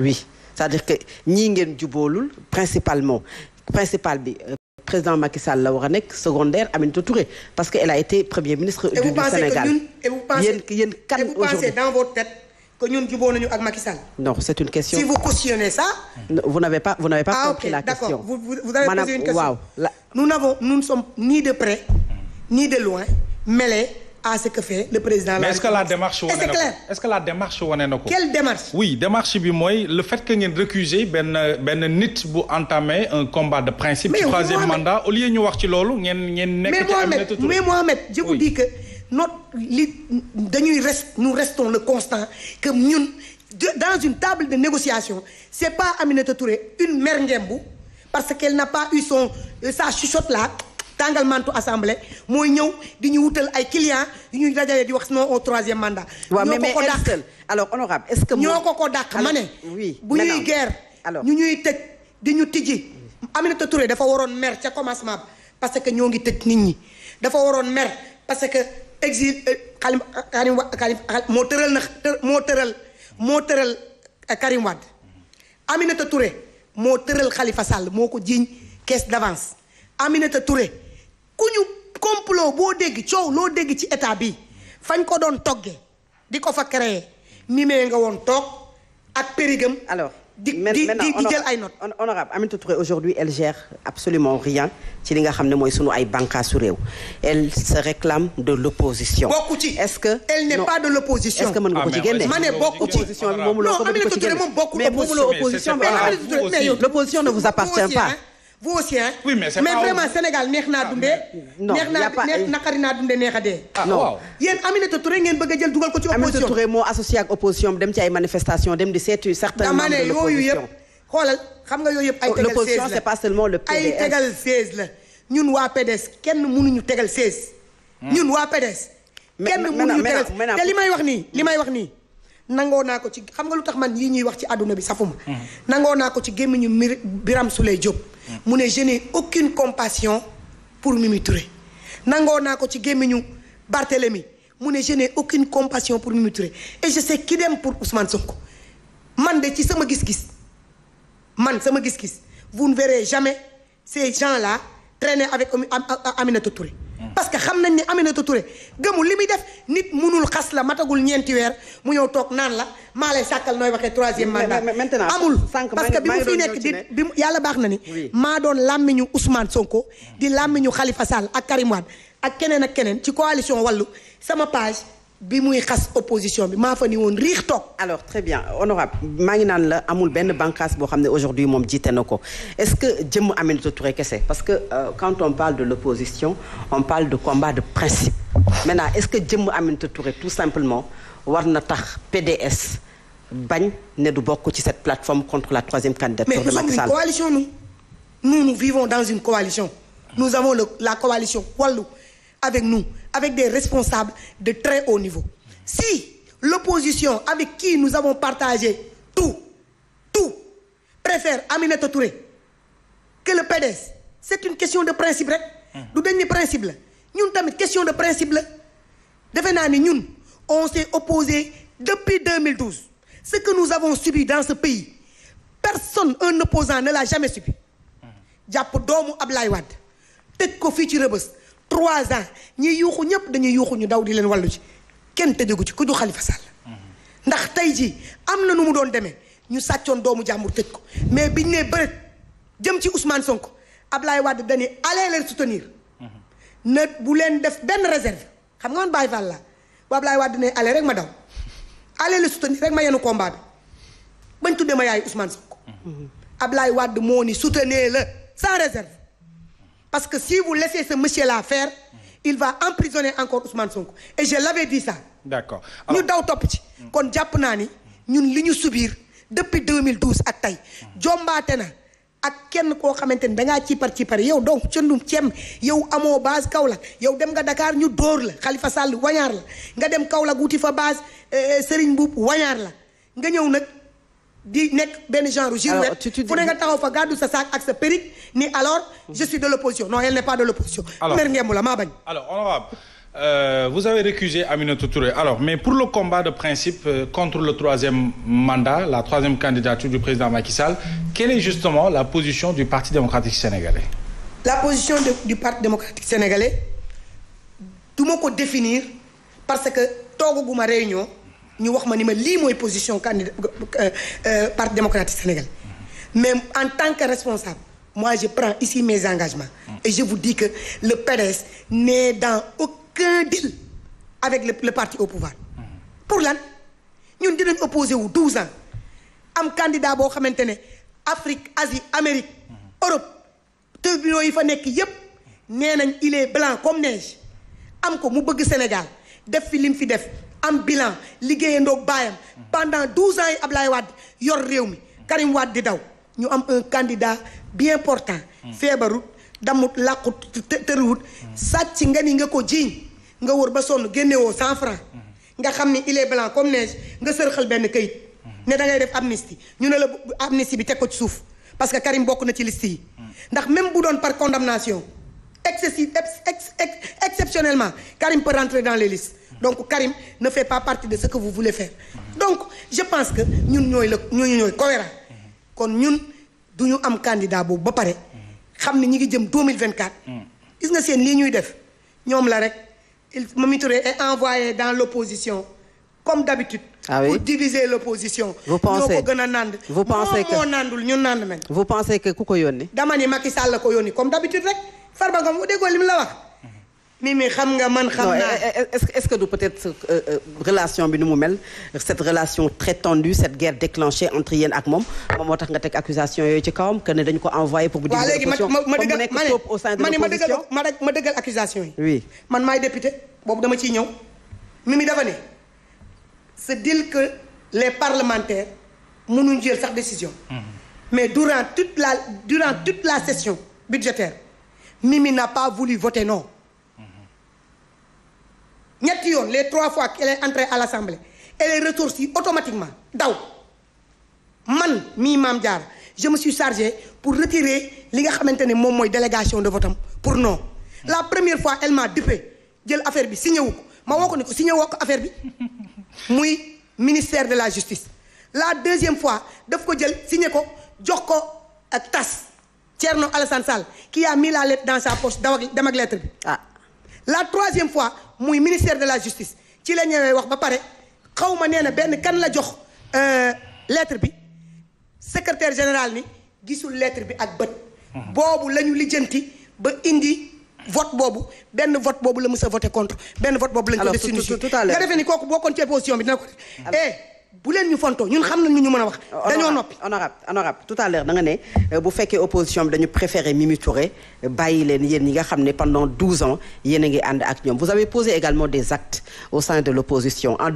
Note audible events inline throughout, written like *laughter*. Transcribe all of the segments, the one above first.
oui c'est-à-dire que ñii ngeen juboolul principalement principal bi euh, président Macky Sall la war a nekk secondaire parce que a été premier ministre du Sénégal et vous pensez dans votre tête que ñun juboo nañu ak Macky non c'est une question si vous cautionnez ça. vous n'avez pas vous n'avez pas. ah ok d'accord vous avez posé une question nous n'avons nous ne sommes ni de près ni de loin mêlés. à ce que fait le président. mais est-ce que la démarche wane na ko est démarche oui démarche bi mooy le fait que ngeen recuser benn benn nit bu entamé un combat de principe. mais troisième mandat au lieu ñu wax ci loolu ngeen ngeen. nekk ci am mais mais Mohamed je vous dis que notre li le constant que ñun dans une table de négociation c'est pas Aminata Touré une mère ngembu parce qu'elle n'a pas eu son euh, sa chuchote là. tàngal mantu assemblée mooy ñëw di ñu wutal ay clients yu ñuy dajalee di wax non au troisième mandat. waaw mais mais est alors honorable est-ce que. ñoo ko ko dàq ma ne. oui bu ñuy guerre. alors ñu ñuy tëj di ñu tijji. Aminata Touré dafa waroon mer ca commencement ba parce que ñoo ngi tëj nit ñi dafa waroon mer parce que exil euh, Karim Karim moo tëral na moo tëral moo tëral euh, Karim Wade Aminata Touré moo tëral xalifa sàll moo ko jiiñ caisse d'avance Aminata Touré ku ñu complot boo dégg coow loo dégg ci état bi fañ ko doon toggee di ko fa créer mimee nga woon toog ak périgam alors di di di ay notes honorable Aminata Touré aujourd'hui elle gère absolument rien ci li nga xam ne mooy sunu ay bànqaasu réew elle se réclame de l'opposition bokku ci est-ce que elle n'est pas de l'opposition est-ce que mën nga ko ah, ci génne ma bokku ci opposition bi moomuloo ko opposition ne vous appartient pas vous aussi hein. oui mais c'est mais vraiment Sénégal neex naa ah, dundee. non na naqari naa dundee neex a dee. ah waaw yéen Aminata Touré ngeen bëgg jël dugal ko ci opposition Aminata Touré moo associé ak opposition dem ci ay manifestations dem di seetu certains membres de l'opposition xoolal xam nga yooyu yëpp ay tegal la l'opposition c'est pas seulement le PDS ay tegal 16 la ñun waa PDS kenn mënuñu tegal 16. Hmm. ñun waa PDS. kenn mënuñu tegal te li may wax nii li may wax nii. nangoo naa ko ci xam nga lu tax man yii ñuy wax ci àdduna bi safuma mm-hmm. nangoo naa ko ci gémmiñu mi Biram Souleye Diop mm-hmm. mu ne je n'ai aucune compassion pour Mimi nangoo naa ko ci gémmiñu Barthélemy mu ne je n'ai aucune compassion pour Mimi Touré et je sais qui dem pour Ousmane man de ci sama gis-gis man sama gis-gis vous ne verrez jamais ces gens-là traîner avec Aminata Touré parce que xam nañ ni Aminata Touré gëmul li muy def nit munul xas la matagul ñeenti weer mu ñëw toog naan la maa lay sàkkal nooy waxee troisième mandat amul parce que bi mu fi nekk di bi yàlla baax na ni maa doon làmmiñu Ousmane Sonko di làmmiñu xalifa Sall ak Karim Wade ak keneen ak keneen ci coalition wàllu sama page bi muy xas opposition bi maa fa ni woon riix toog. alors très bien maa ngi naan la amul benn bànqaas boo xam ne aujourd'hui moom jiite na ko est-ce que jëmm Aminata Touré kese parce que euh, quand on parle de l'opposition on parle de combat de principe maintenant est-ce que jëmm Aminata Touré tout simplement war na tax PDS bañ ne du bokk ci cette plateforme contre la troisième candidature de Macky Sall mais nous sommes une coalition nous vivons dans une coalition nous avons la coalition wàllu avec nous, avec des responsables de très haut niveau. Si l'opposition avec qui nous avons partagé tout, tout, préfère Aminata Touré que le PDS, c'est une question de principe rek. du dañ ni principe la ñun tamit question de principe la defe naa ni ñun on s'est opposé depuis 2012 ce que nous avons subi dans ce pays personne un opposant ne l'a jamais subi jàpp doomu Ablaye Wade tëj ko fii ci Rebeuss trois ans ñiy yuuxu ñëpp dañuy yuuxu ñu daw di leen wàllu ci kenn tëjagu ci ku du Khalifa Sall ndax tey ji am na nu mu doon demee ñu sàccoon doomu jàmbur tëj ko mais biñ ne bërët jëm ci Ousmane Sonko Ablaye Wade dañuy allez leen soutenir bu leen def benn réserve xam nga man Baye Fall laa bu Ablaye ne allez rek ma daw allez leen ma yenu combat bi bañ tuddee ma yaay Ousmane Sonko mhm. Ablaye Wade moo ni soutenir la sans réserve Parce que si vous laissez ce monsieur la fair il va emprisonner encore Ousmane Sonko. Et je l'avais dit ça. D'accord. ñu daw topp ci. kon jàpp naa ni ñun li ñu subir depuis 2012 ak tey jombaate na ak kenn koo xamante ni ci dangaa ci ciipar yow donc cëndum ceem yow amoo base Kaolack yow dem nga dakaar ñu dóor la xalifa Sall wañaar la nga dem Kaolack wuti fa base eh, eh, Serigne Mboup wañaar la nga ñëw nag. di nekk benn genre girouette fu ne nga taxaw fa gàddu sa saak ak sa périk ni alors je suis de l'opposition non elle n'est pas de l'opposition mer ngeemu la maa bañ euh, vous avez récusé Aminata Touré alors mais pour le combat de principe euh, contre le troisième mandat la troisième candidature du président Macky Sall quelle est justement la position du Parti démocratique sénégalais la position de, du Parti démocratique sénégalais du ma ko définir parce que toogaguma réunion ñu wax ma ni ma lii mooy position candidat euh, euh, parti démocratique Sénégal mais en tant que responsable moi je prends ici mes engagements et je vous dis que le PDS n'est dans aucun deal avec le, le parti au pouvoir pour lan ñun dinañ opposé wu 12 ans am candidat boo xamante ne Afrique Asie Amérique Europe tribunaux yi fa nekk yépp nee nañ il est blanc comme neige am ko mu bëgg Sénégal def fi lim fi def am bilan liggéeyandoo baayam pendant douze ans yi Ablaye Wade yor réew mi Karim Wade di daw ñu am un candidat bien portant feebarut damut làqut tëruwut sàcc nga ni nga ko jiiñ nga wër ba sonn génnewoo san francs nga xam ni il est blanc comme neige nga sërxal benn kayit ne da ngay def amnistie ñu ne la amnistie bi teg ko ci suuf parce que Karim bokk na ci liste yi ndax même bu doon par condamnation excessive exceptionnellement Karim peut rentrer dans les listes donc Karim ne fait pas partie de ce que vous voulez faire donc je pense que ñun ñooy la ñun ñooy cohérent kon ñun du ñu am candidat boobu ba pare xam ni ñi ngi jëm 2024 gis nga seen lii ñuy def ñoom la rek il Touré est envoyé dans l'opposition comme d'habitude ah oui pour diviser l'opposition. ñoo ko gën a nand. vous pensez que moom moo nandul ñun nand men vous pensez que ku ko yónni. dama ni Macky Sall la ko yónni comme d'habitude rek Farba Ngom mu déggoo li mu la wax. Mimi xam nga man xam naa est-ce est-ce que du peut-être euh, euh, relation bi nu mu mel cette relation très tendue cette guerre déclenchée entre yéen ak moom moom moo tax nga teg accusation yooyu ci kawam que ne dañu ko envoyé pour bu déglu opposition comme mu nekk trop au sein de l'opposition ma dëggal ma dëggal accusation yi. oui man maay député boobu dama ciy ñëw Mimi dafa ne c'est dire que les parlementaires mënuñ jël sax décision. Mhm. mais durant toute la durant toute la session budgétaire Mimi n'a pas voulu voter non. yoon les trois fois qu'elle est entrée à l'Assemblée elle est ressortie automatiquement daw man mii Mame Diarra je me suis chargé pour retirer li nga xamante ne moom mooy délégation de votam pour non la première fois elle m'a jël affaire bi signé wu ko ma woo ko ne ko signé woo affaire bi *laughs* muy ministère de la justice la deuxième fois daf ko jël signé ko jox ko ak euh, tas Thierno Alassane Sall qui a mis la lettre dans sa poche dem ak lettre bi ah. la troisième muy ministère de la justice ci la ñëwee wax ba pare xaw ma nee na benn kan la jox euh, lettre bi secretaire général ni gisul lettre bi ak bët. Mhm. boobu la ñu lijjanti ba indi vote boobu benn vote boobu la mës a voté contre benn vote boobu. lañ ko def si nga defee ni kooku bokkoon ci opposition bi dina ko. bu leen ñu fontoo ñun xam nañ ñu mën a wax. dañoo noppi honorable honorable tout à l'heure nga ne euh, bu fekkee opposition dañu préféré Mimi Touré euh, bàyyi leen yéen ñi nga xam ne pendant 12 ans yéen a ngi ànd ak ñoom vous avez posé également des actes au sein de l'opposition en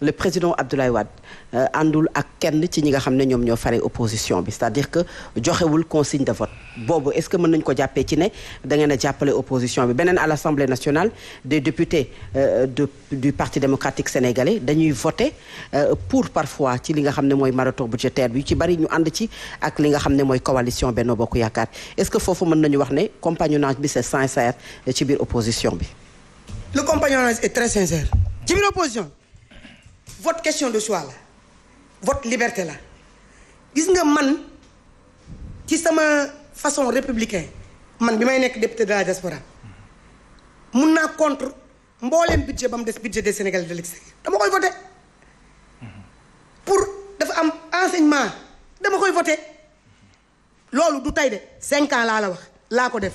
le président Abdoulaye Wade euh, àndul ak kenn ci ñi nga xam ne ñoom ñoo fare opposition bi c'est-à-dire que joxewul consigne de vote boobu est-ce que mën nañu ko jàppee ci ne dangeen ngeen a jàppale opposition bi beneen à l'Assemblée nationale des députés euh, de du Parti démocratique sénégalais dañuy voter euh, pour parfois ci li nga xam ne mooy marathon budgétaire bi ci bari ñu ànd ci ak li nga xam ne mooy coalition benn Bokk Yaakaar est-ce que foofu mën nañu wax ne compagnonnage bi c'est sincère ci biir opposition bi. vote question de choix la vote liberté la gis nga man ci sama façon républicain man bi may nekk député de la diaspora mun naa contre mbooleem budget ba mu des budget des Sénégalais de l'extérieur dama koy voté pour dafa am enseignement dama koy voté loolu du tey de cinq ans laa la wax laa ko def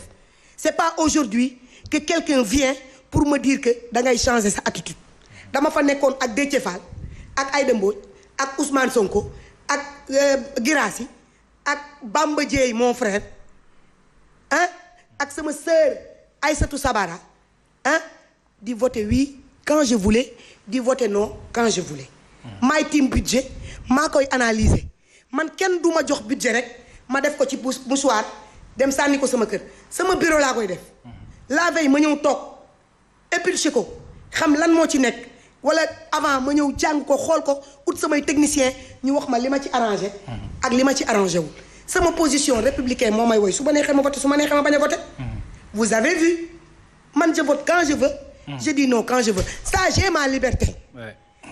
c'est pas aujourd'hui que quelqu'un vient pour ma dire que da ngay changer sa attitude dama fa nekkoon ak Déthié ak ay Mbodj ak Ousmane Sonko ak euh, Girassi ak Bamba Dièye mon frère ak sama ay Aïssatou Sabara ah di voter oui quand je voulais di voter non quand je voulais. Hmm. maay tiim budget maa koy analyser man kenn du ma jox budget rek ma def ko ci mouchoir dem sànni ko sama kër sama bureau laa koy def. Hmm. la veille ma ñëw toog épluché ko xam lan moo ci nekk. wala avant ma ñëw jàng ko xool ko ut samay technicien ñu wax ma li ma ci arrangé ak li ma ci arrangé wul sama position républicaine moo may woy su ma neexee ma voté su ma neexee ma bañ a voté mm-hmm. vous avez man je vote quand je veux mm-hmm. je dis non quand ma liberté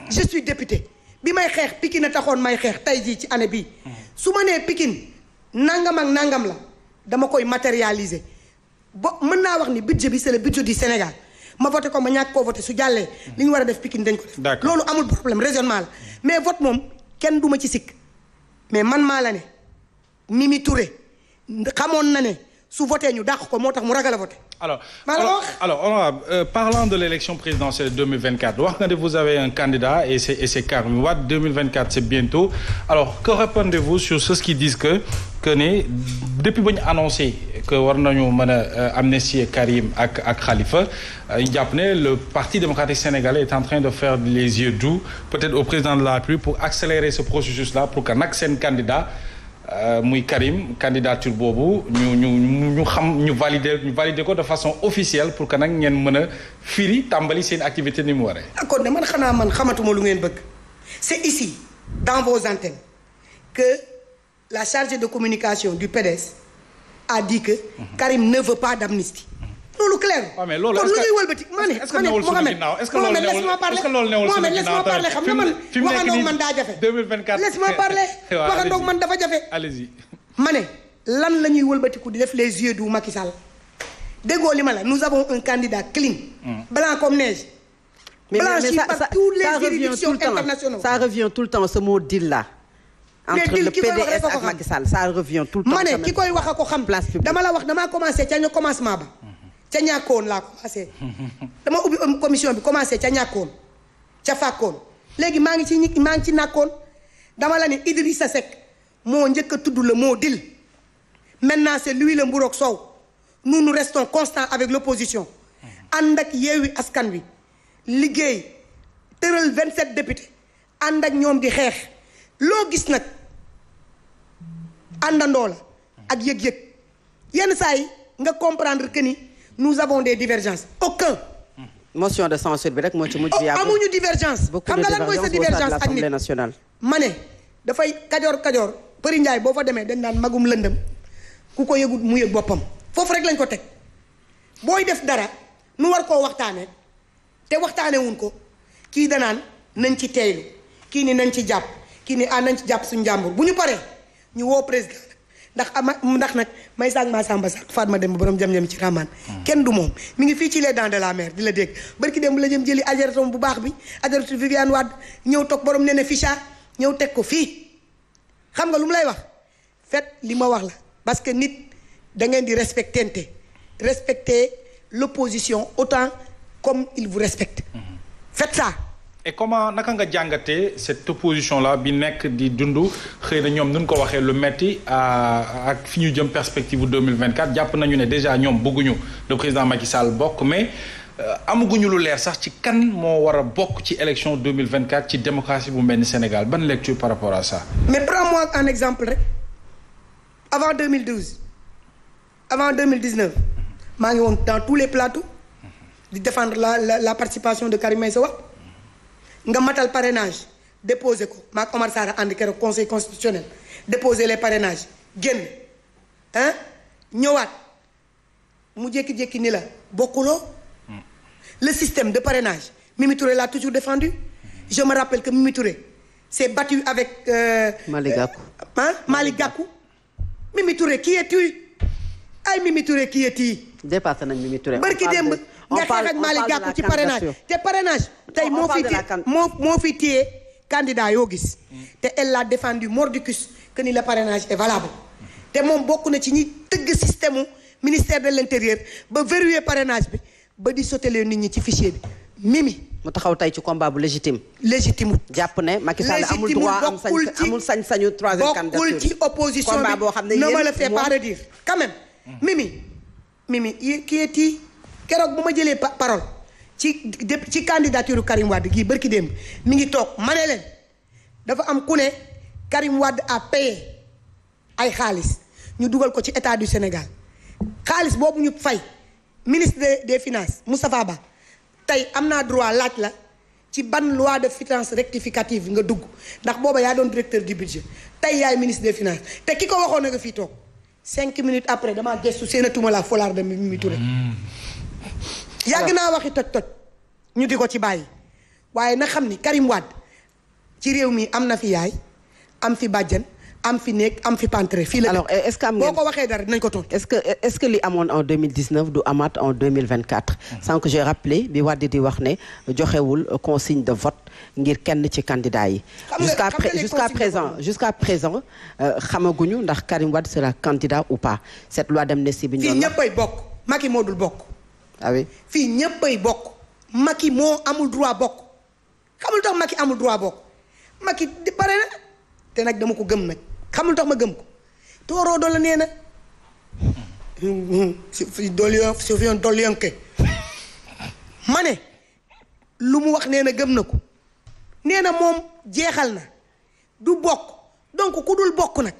je suis député bi may xeex Pikine a taxoon may xeex tey jii ci année bi mm-hmm. su ma nee Pikine nangam ak nangam la dama koy matérialiser ba mën naa wax ni budget bi c'est le budget du Sénégal ma voté ko ma ñàkk koo voté su jàllee li ñu war a def Pikine dañ ko def loolu amul problème raisonnement la mais vote moom kenn du ma ci sikk mais man maa la ne Mimi Touré xamoon na ne su voté ñu dàq ko moo tax mu ragal a voté alors alors, alors honorable euh, parlant de l'élection présidentielle 2024 wax nga ne vous avez un candidat et c'est et c'est Karim Wade 2024 c'est bientôt que répondez-vous ba ñu annoncé que war nañu mën a euh, amnistier Karim ak ak Khalifa euh, ñu jàpp ne le parti démocratique sénégalais est en train de faire les yeux doux peut-être au président la République pour accélérer ce processus que nag seen candidat Euh, muy Karim candidature boobu ñu ñu ñu xam ñu valider ñu valider ko de façon officielle pour que nag ngeen mën a firi tàmbali seen activité ni mu waree. d'accord ne man xanaa man xamatuma lu ngeen bëgg c'est ici dans vos antennes que la chargée de communication du PDS a dit que. Mhm. Karim ne veut pas d'amnistie. loolu clair. waaw mais loolu est ce que kon ñuy wëlbati ma ne. est *laughs* *laughs* lan la wëlbatiku di def les yeux du Macky Sall déggoo li ma la nous avons un candidat clean. Hmm. blanc comme neige. blanchi par toutes les juridictions internationales ça revient tout le temps ce mot deal entre le PDS ak Macky Sall revient tout le temps. ma ne ki koy wax a ko xam. dama la wax damaa commencé ca ñu commencement ba. ca ñàkkoon laa commencé *laughs* dama ubbi commission bi commencé ca ñàkkoon ca fàkkoon léegi maa ngi ci maa ngi ci nàkkoon dama la ne sa Seck moo njëkk a tudd le mot deal maintenant c'est lui le mburoog soow nous nous restons constants avec l'opposition mm-hmm. ànd ak yeewi askan wi liggéey tëral vingt 27 députés ànd ak ñoom di xeex loo gis nag àndandoo la ak yëg-yëg yenn saa yi nga comprendre que ni. nous avons des divergences aucun. motion de censure bi rek moo ci mujj. Oh, yàgg amuñu divergence. xam nga lan mooy sa divergence ak nit ma ne dafay kajoor kajoor Përi Njaay boo fa demee dañ naan magum lëndëm ku ko yëgut mu yëg boppam foofu rek lañ ko teg booy def dara nu war koo waxtaane te waxtaane wuñ ko kii danaan nañ ci teeylu kii ni nañ ci jàpp kii ni ah nañ ci jàpp suñu jàmbur bu ñu paree ñu woo président ndax ama ndax nag may saag maa sàmba saag ma dem ba borom jam-jam ci ramaan kenn du moom mu ngi fii ci les dents de la mer di la dégg barki dem la jëm jëli ajaratom bu baax bi ajaratu Viviane Wade ñëw toog borom ne ne ficha ñëw teg ko fii xam nga lu mu lay wax fet li ma wax la parce que nit da ngeen di respectente respecter l'opposition autant comme il vous respecte mm-hmm. fet ça et comment naka nga jàngatee cette opposition la bi nekk di dundu xëy na ñoom nuñ ko waxee lu metti ak fi ñu jëm perspective 2024 jàpp nañu ne déjà ñoom bëgguñu le président Macky Sall bokk mais euh, amaguñu lu leer sax ci kan moo war a bokk ci élection 2024 ci démocratie bu mel ni Sénégal ban lecture par rapport à ça. mais prends-moi un exemple rek avant 2012 avant 2019 maa ngi woon dans tous les plateaux di défendre la la la participation de Karim Meïssa Wade nga matal parrainage déposé ko ma Omar Sarr ànd keroog conseil constitutionnel déposé les parrainages génn ah ñëwaat mu jékki-jékki ni la bokkuloo. Hmm. le système de parrainage Mimi Touré l'a toujours défendu. je me rappelle que Mimi Touré s'est battu avec. Euh, Malick euh, Gakou ah Malick Gakou. Mimi Touré qui es-tu ay Mimi Touré qui es-tu. dépassé nañ Mimi Touré. barki démb nga xeex ak Malick Gakou ci parrainage te parrainage tey moo fi moo moo fi téye candidat yoo gis mm. te elle a défendu mordicus que ni le parrainage est valable te moom bokk na ci ñi tëgg système mu ministère de l'intérieur ba verrouiller parrainage bi ba di sotelé nit ñi ci fichier bi mimi mu taxaw tey ci combat bu légitime légitime jàpp ne Macky Sall amul droit am sañ amul sañ-sañu troisième candidature bokkul ci opposition bi combat boo xam ne yéen ne me le fais pas redire quand mm. mimi mimi kii keroog bu ma jëlee parole ci ci candidature Karim Wade gii bërki démb mi ngi toog ma ne leen dafa am ku ne Karim Wade a payé ay xaalis ñu dugal ko ci état du Sénégal xaalis boobu ñu fay ministre des finance Moustapha Ba tey am naa droit laaj la ci ban loi de finances rectificative nga dugg ndax booba yaa doon directeur du budget tey yaay ministre des finances te ki ko waxoon na nga fi toog cinq minutes après damaa gestu seenatuma la folarde mi mi Touré hmm. yàgg naa waxi toj toj ñu di ko ci bàyyi waaye na xam ni Karim Wade ci réew mi am na fi yaay am fi bàjjen am fi nekk am fi pantre fii la. alors est-ce ko waxee dara dinañ ko tontu. est-ce que est-ce que li amoon en 2019 du amaat en mhm. bi Wade di wax ne joxewul consigne de vote ngir kenn ci candidat yi. jusqu'à jusqu'à présent jusqu'à présent euh, xamaguñu ndax Karim Wade sera candidat ou pas cette loi d'amnistie bi ñu doon wax. fii ñëppay bokk Macky moo dul bokk. awe ah oui fii ñëppay bokk Macky moo amul droit bokk xamul tax Macky amul droit bokk Macky di pare na te nag dama ko gëm nag xamul tax ma gëm ko tooroo doole nee na su doole su fi doon ma ne lu mu wax nee na gëm na ko nee na moom jeexal na du bokk donc ku dul bokk nag.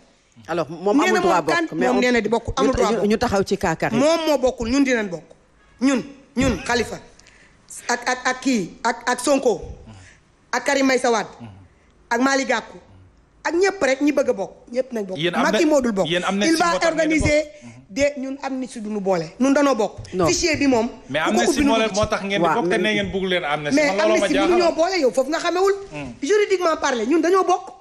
alors moom amul na moom kan moom di bokk amul droit bokk ñu taxaw ci kaakar moom moo bokkul ñun di dinañ bokk. ñun ñun xalifa ak ak ak kii ak ak Sonko ak Karim Meïssa ak Malick Gakou ak ñëpp rek ñi bëgg a bokk ñëpp nañ bokk. Macky moo dul bokk il va organiser de ñun am na si duñu boole. ñun danoo bokk. non fichier bi moom. mais am na si moo leen moo tax ngeen di bokk te nee leen am na si. am na si mënuñoo boole yow foofu nga xamewul. Hmm. juridiquement parler ñun dañoo bokk.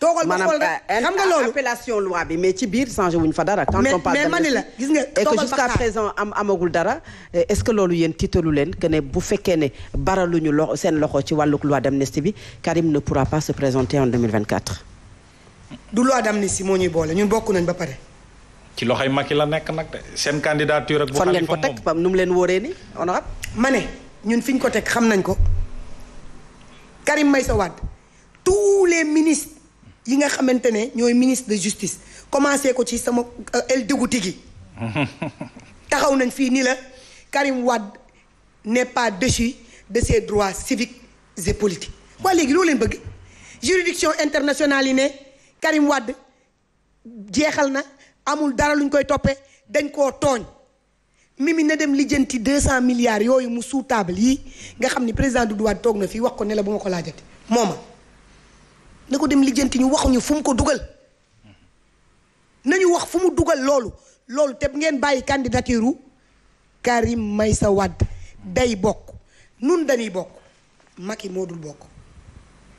toogal ba xool rek euh, xam nga loolu appellation loi bi mais ci biir changé wuñ fa dara. quand on parle mais mani la gis nga que am amagul dara euh, est-ce que loolu yéen tiitalu leen que ne bu fekkee ne baraluñu loxo seen loxo ci wàllug loi d'amnistie bi Karim ne pourra pas se présenter en 2024. du loi d'amnistie moo ñuy boole ñun bokk nañ ba pare. ci loxoy Macky la nekk nag de seen candidature ak. bu fan ngeen ko teg pam nu mu leen wóoree ni ma ne ñun fiñ ko teg xam nañ ko Karim Meïssa Wade tous les yi nga xamante ne ñooy ministre de justice commencé ko ci sama el dégouti gi taxaw nañ fii ni la Karim Wade n'est pas de ses droits civiques et politiques waa léegi loolu leen bëgg juridiction internationale yi ne Karim Wade jeexal na amul dara luñ koy toppee dañ koo tooñ mimi na dem lijanti deux cent milliards yooyu mu sous yi nga xam ni président Doudou Wade toog na fii wax ko ne la bu ma ko laajate mooma na ko dem lijjanti ñu waxuñu fu mu ko dugal nañu wax fu mu dugal loolu loolu te ngeen bàyyi candidature u may sa Wade day bokk nun dañuy bokk Macky moo dul bokk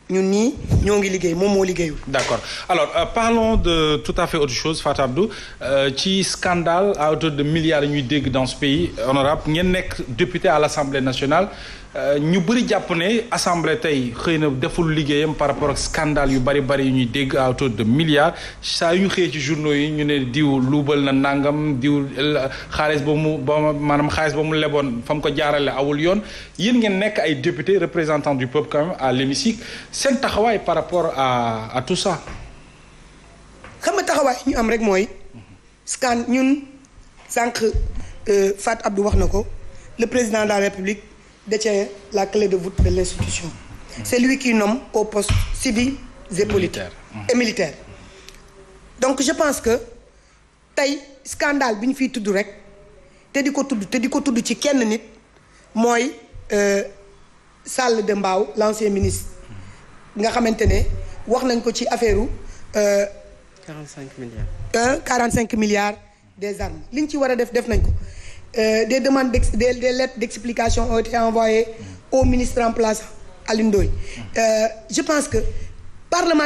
ñun nii ñoo ngi liggéey moom moo liggéeyul. d'accord alors euh, parlons de tout à fait autre chose Fatou Abdou euh, ci euh, scandale à de milliards ñuy dégg dans ce pays honorable ngeen nekk député à l'Assemblée nationale Euh, ñu bëri jàpp ne assemblée tey xëy na deful liggéeyam par rapport ak scandale yu bari bari yu ñuy dégg à de milliards saa yu ñu xëyee ci journaux yi ñu ne diw luubal na nangam diw euh, xaalis ba mu ba maanaam xaalis ba mu leboon fa mu ko jaarale awul yoon yéen ngeen nekk ay député représentant du peuple quand à l'hémicycle seen taxawaay par rapport à à tout ça. xam nga taxawaay ñu am rek mooy. scan ñun sànq euh, Fat Abdou wax na ko le président de république. détient la clé de voûte de l'institution. Mmh. C'est lu qui nomme au poste civil et politique et militaire. donc je pense que tey scandale bi ñu fiy tudd rek te di ko tudd te di ko tudd ci kenn nit mooy euh, Sall de Mbao l'ancien ministre nga xamante ne wax nañ ko ci affaire u euh, 45 milliards. 45 milliards des armes li ñu ci war a def def nañ ko euh, des demandes d des, des lettres d'explication ont été envoyées au ministre en place Alioune Ndoye euh, je pense que parlement